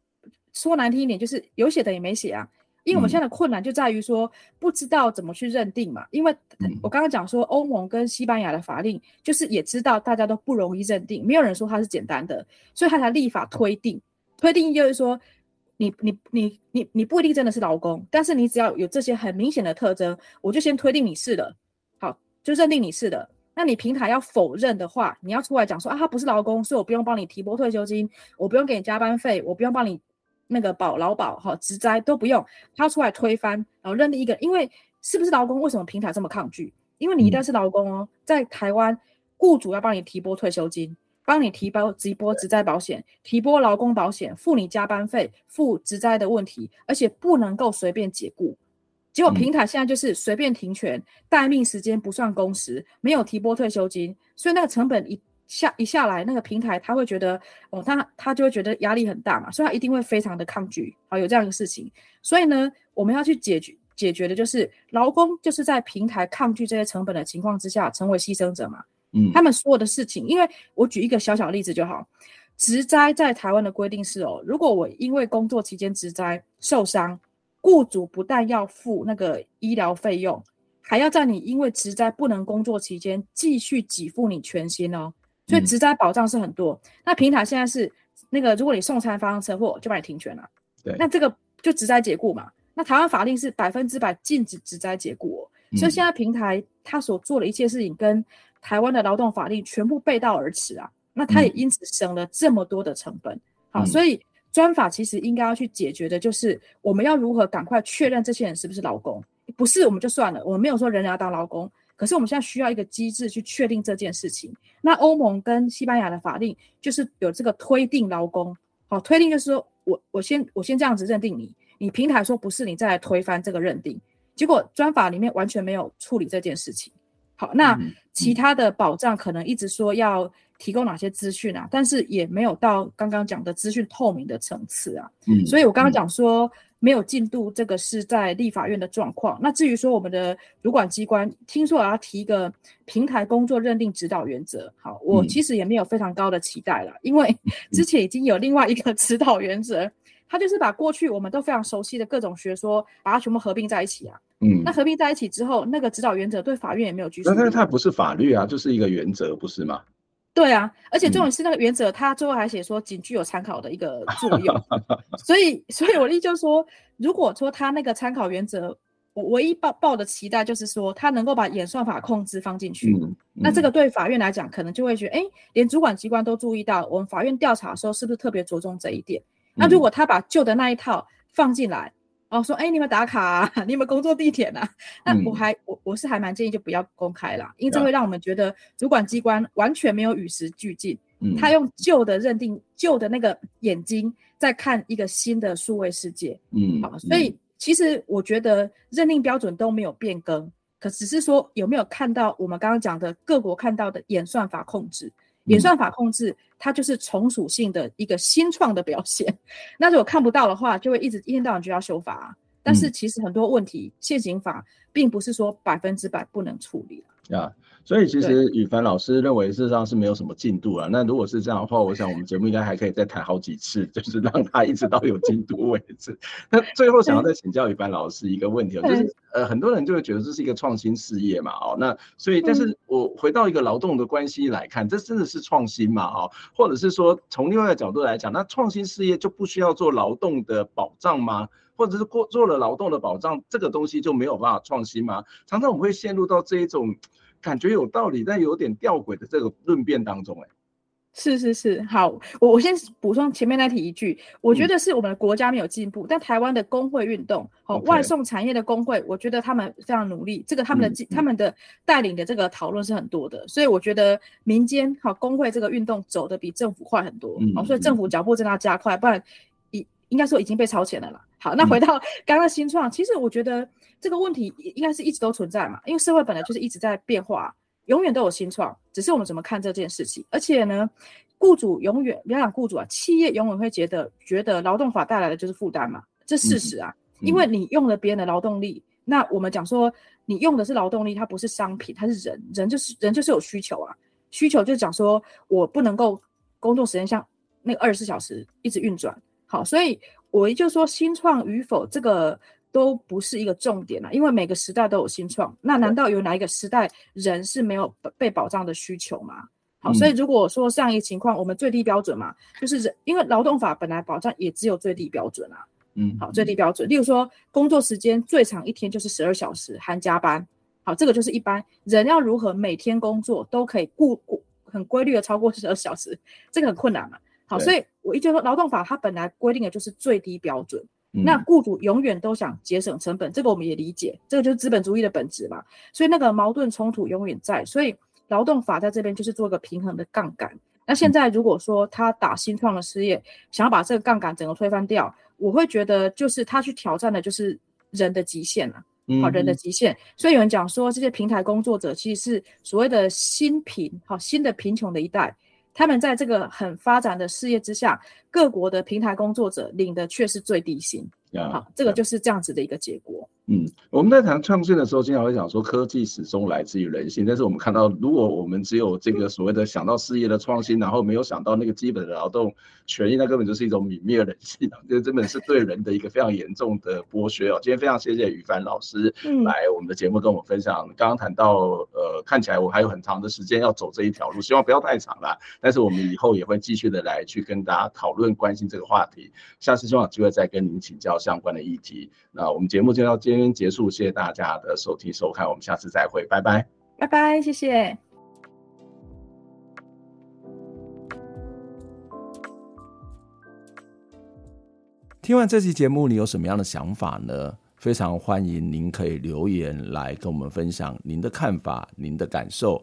說難聽一點，就是有寫的也沒寫啊。因為我們現在的困難就在於說，不知道怎麼去認定嘛。嗯、因為，我剛剛講說歐盟跟西班牙的法令，就是也知道大家都不容易認定，沒有人說它是簡單的，所以他才立法推定。推定就是說你，你你你你你不一定真的是勞工，但是你只要有這些很明顯的特徵，我就先推定你是的，好，就認定你是的。那你平台要否認的話，你要出來講說啊，他不是勞工，所以我不用幫你提撥退休金，我不用給你加班費，我不用幫你。那個保勞保哈，職災都不用，他出來推翻，然後認定一個，因為是不是勞工？為什麼平台這麼抗拒？因為你一旦是勞工哦，在台灣，僱主要幫你提撥退休金，幫你提撥提撥職災保險，提撥勞工保險，付你加班費，付職災的問題，而且不能夠隨便解僱。結果平台現在就是隨便停權，待命時間不算工時，沒有提撥退休金，所以那個成本一。下一下來那個平台，他會覺得哦，他他就會覺得壓力很大嘛，所以他一定會非常的抗拒好、哦，有這樣一個事情。所以呢，我們要去解決解決的就是勞工，就是在平台抗拒這些成本的情況之下，成為犧牲者嘛。嗯，他們所有的事情，因為我舉一個小小例子就好，職災在台灣的規定是哦，如果我因為工作期間職災受傷，雇主不但要付那個醫療費用，還要在你因為職災不能工作期間繼續給付你全薪哦。所以職災保障是很多，嗯、那平台現在是那個，如果你送餐發生車禍，就把你停權了。對，那這個就職災解雇嘛。那台灣法令是百分之百禁止職災解雇，哦，嗯、所以現在平台他所做的一切事情跟台灣的勞動法令全部背道而馳啊。嗯、那他也因此省了這麼多的成本。好、嗯啊，所以專法其實應該要去解決的就是，我們要如何趕快確認這些人是不是勞工？不是我們就算了，我們沒有說人，人要當勞工。可是我們現在需要一個機制，去確定這件事情。那歐盟跟西班牙的法令就是有這個推定勞工，好，推定就是說我我先我先這樣子認定你，你平台說不是你再來推翻這個認定。結果專法裡面完全沒有處理這件事情。好，那其他的保障可能一直說要提供哪些資訊啊，嗯，嗯，但是也沒有到剛剛講的資訊透明的層次啊。所以我剛剛講說。嗯，嗯。沒有進度，這個是在立法院的狀況。那至於說我們的主管機關，聽說我要提一個平台工作認定指導原則。好，我其實也沒有非常高的期待了，嗯、因為之前已經有另外一個指導原則，它、嗯、就是把過去我們都非常熟悉的各種學說，把它全部合併在一起啊。嗯，那合併在一起之後，那個指導原則對法院也沒有拘束。但是它不是法律啊，就是一個原則，不是嗎？對啊，而且重點是那個原則，他、嗯、最後還寫說僅具有參考的一個作用， 所以，所以我意思就是說，如果說他那個參考原則，我唯一抱抱的期待就是說他能夠把演算法控制放進去，嗯、那這個對法院來講，可能就會覺得，哎、欸，連主管機關都注意到，我們法院調查的時候是不是特別着重這一點？那如果他把舊的那一套放進來，嗯哦，說，哎、欸，你們打卡、啊？你們工作地點呢、啊？那我還，嗯、我我是還蠻建議就不要公開了，因為這會讓我們覺得主管機關完全沒有與時俱進。嗯，他用舊的認定、舊的那個眼睛在看一個新的數位世界。嗯，好、哦，所以其實我覺得認定標準都沒有變更，可只是說有沒有看到我們剛剛講的各國看到的演算法控制。演算法控制，嗯、它就是從屬性的一個新創的表現。那如果看不到的話，就會一直一天到晚就要修法，啊。但是其實很多問題現行法並不是說百分之百不能處理，啊。啊，yeah, 所以其實羽凡老師認為事實上是沒有什麼進度啊。對 那如果是這樣的話，我想我們節目應該還可以再談好幾次， 就是讓他一直到有進度為止。那 最後想要再請教羽凡老師一個問題，對 就是呃，很多人就會覺得這是一個創新事業嘛，哦，那所以但是我回到一個勞動的關係來看，嗯、這真的是創新嘛，哦，或者是說從另外一個角度來講，那創新事業就不需要做勞動的保障嗎？或者是過做了勞動的保障，這個東西就沒有辦法創新嗎？常常我們會陷入到這一種。感覺有道理，但有點吊詭的這個論辯當中，哎，是是是，好，我我先補充前面再提一句，我覺得是我們的國家沒有進步，嗯、但台灣的工會運動，好、嗯哦、外送產業的工會，我覺得他們非常努力，嗯、這個他們的、嗯、他們的帶領的這個討論是很多的，所以我覺得民間好、哦、工會這個運動走得比政府快很多，嗯嗯、哦，所以政府腳步真的要加快，不然。應該說已經被超前了啦。好，那回到剛剛新創，嗯、其實我覺得這個問題應該是一直都存在嘛，因為社會本來就是一直在變化，永遠都有新創，只是我們怎麼看這件事情。而且呢，雇主永遠，不要講雇主啊，企業永遠會覺得覺得勞動法帶來的就是負擔嘛，這事實啊，嗯嗯、因為你用了別人的勞動力，那我們講說你用的是勞動力，它不是商品，它是人，人就是人就是有需求啊，需求就是講說我不能夠工作時間像那個二十四小時一直運轉。好，所以我就說新創與否，這個都不是一個重點了，因為每個時代都有新創。那難道有哪一個時代人是沒有被保障的需求嗎？好，所以如果說上一個情況，嗯、我們最低標準嘛，就是人因為勞動法本來保障也只有最低標準啊。嗯，好，最低標準，嗯嗯，例如說工作時間最長一天就是十二小時含加班。好，這個就是一般人要如何每天工作都可以固固很規律的超過十二小時，這個很困難嘛。好，所以我一直說，勞動法它本來規定的就是最低標準。那雇主永遠都想節省成本，這個我們也理解，這個就是資本主義的本質嘛。所以那個矛盾衝突永遠在，所以勞動法在這邊就是做一個平衡的槓桿。那現在如果說他打新創的事業，想要把這個槓桿整個推翻掉，我會覺得就是他去挑戰的就是人的極限了，啊，好，人的極限。所以有人講說，這些平台工作者其實是所謂的“新貧”，好，新的貧窮的一代。他們在這個很發展的事業之下，各國的平台工作者領的卻是最低薪。Yeah, yeah. 好，這個就是這樣子的一個結果。嗯，我們在談創新的時候，經常會想說科技始終來自於人性。但是我們看到，如果我們只有這個所謂的想到事業的創新，然後沒有想到那個基本的勞動權益，那根本就是一種泯滅人性、啊，這根本是對人的一個非常嚴重的剝削哦。今天非常謝謝羽凡老師來我們的節目跟我們分享。剛剛談到，呃，看起來我還有很長的時間要走這一條路，希望不要太長啦。但是我們以後也會繼續的來去跟大家討論、關心這個話題。下次希望有機會再跟您請教相關的議題。那我們節目就要見。今天結束，謝謝大家的收聽收看，我們下次再會，拜拜，拜拜，謝謝。聽完這期節目，你有什麼樣的想法呢？非常歡迎您可以留言來跟我們分享您的看法、您的感受。